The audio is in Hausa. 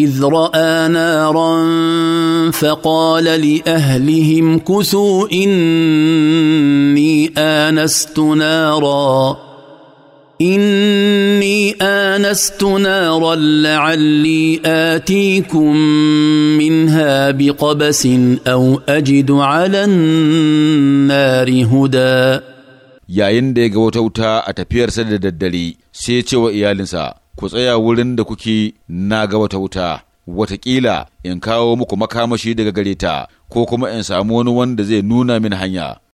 إذ رأى نارا فقال لأهلهم كثوا إني آنست نارا إني آنست نارا لعلي آتيكم منها بقبس أو أجد على النار هدى yayin da ya ga wata wuta a tafiyarsa da daddare sai ya ce wa iyalinsa ku tsaya wurin da kuke na ga wata wuta, watakila, in kawo muku makamashi daga gare ta, ko kuma in samu wani wanda zai nuna min hanya.